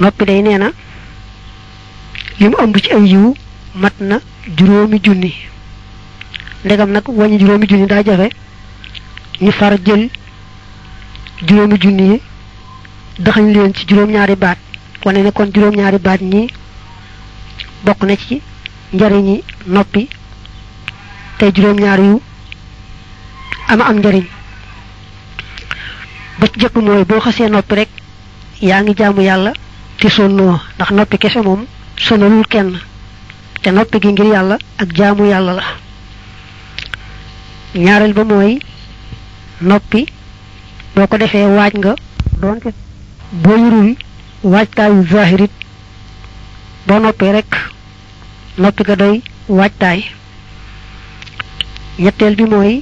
noppi day nee na li mu ëmb ci ay yiw mat na juróomi junni ndegam nag wàññi juróomi junni daa jafe ñu far jël juróomi junni yi daxañ leen ci juróom-ñaari baat wane ne kon juróom-ñaari baat ñi bokk na ci njariñi noppi tey juróom-ñaar yu ama am njariñ ba ci jëkk mooy boo xasee noppi rek yaa ngi jàmm yàlla ki sonnoo ndax noppi kese moom sonalul kenn te noppi gi ngir yàlla ak jaamu yàlla la ñaareel ba mooy noppi boo ko defee waaj nga doonte boo yurul boo noppee rek noppi nga doy waajtaay ñetteel bi mooy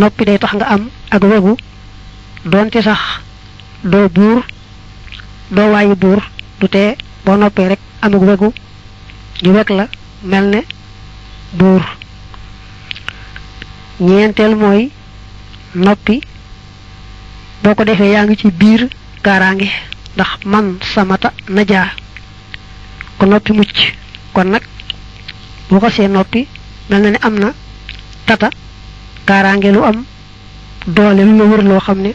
noppi day tax nga am ak wegu sax doo buur do wayu dur du te bo noppé rek amug wegu ñu weg la melne dur ñentel moy noppi boko ko yaangi ci bir karangé ndax man samata naja, ko noppi mucc kon nak bu ko noppi ni amna tata karangé lu am doole lu wër lo xamné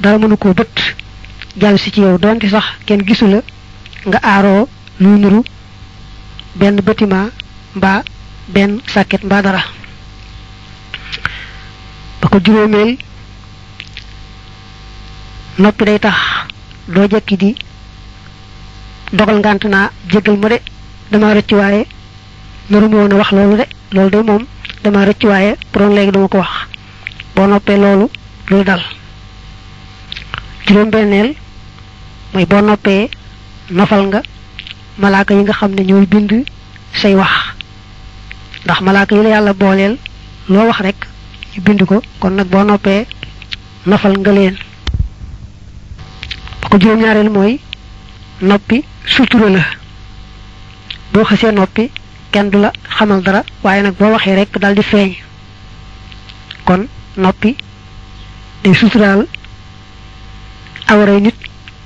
dara mënu ko bëtt jall ci ci yow donte sax kenn gisula nga aaro lu nuru ben bâtiment ba ben saket ba dara ba ben juróomeel badara. day tax do jekki di dogal ngantuna jegal jégal ma de dama rëcc waaye nuru mo wona wax loolu de loolu de moom dama rëcc waaye pour léegi dama ko wax boo noppee loolu lu dal juróom-benneel mooy boo noppee nofal nga malaaka yi nga xam ne ñooy bind say wax ndax malaaka yi la yàlla booleel loo wax rek ñu bind ko kon nag boo noppee nofal nga leen ba ko juróom-ñaareel mooy noppi sutura la boo xasee noppi kenn du la xamal dara waaye nag boo waxee rek daal di feeñ kon noppi day suturaal awaray nit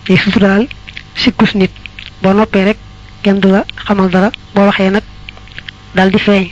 day suturaal sikkus nit boo noppee rek kenn du la xamal dara boo waxee nag dal di feeñ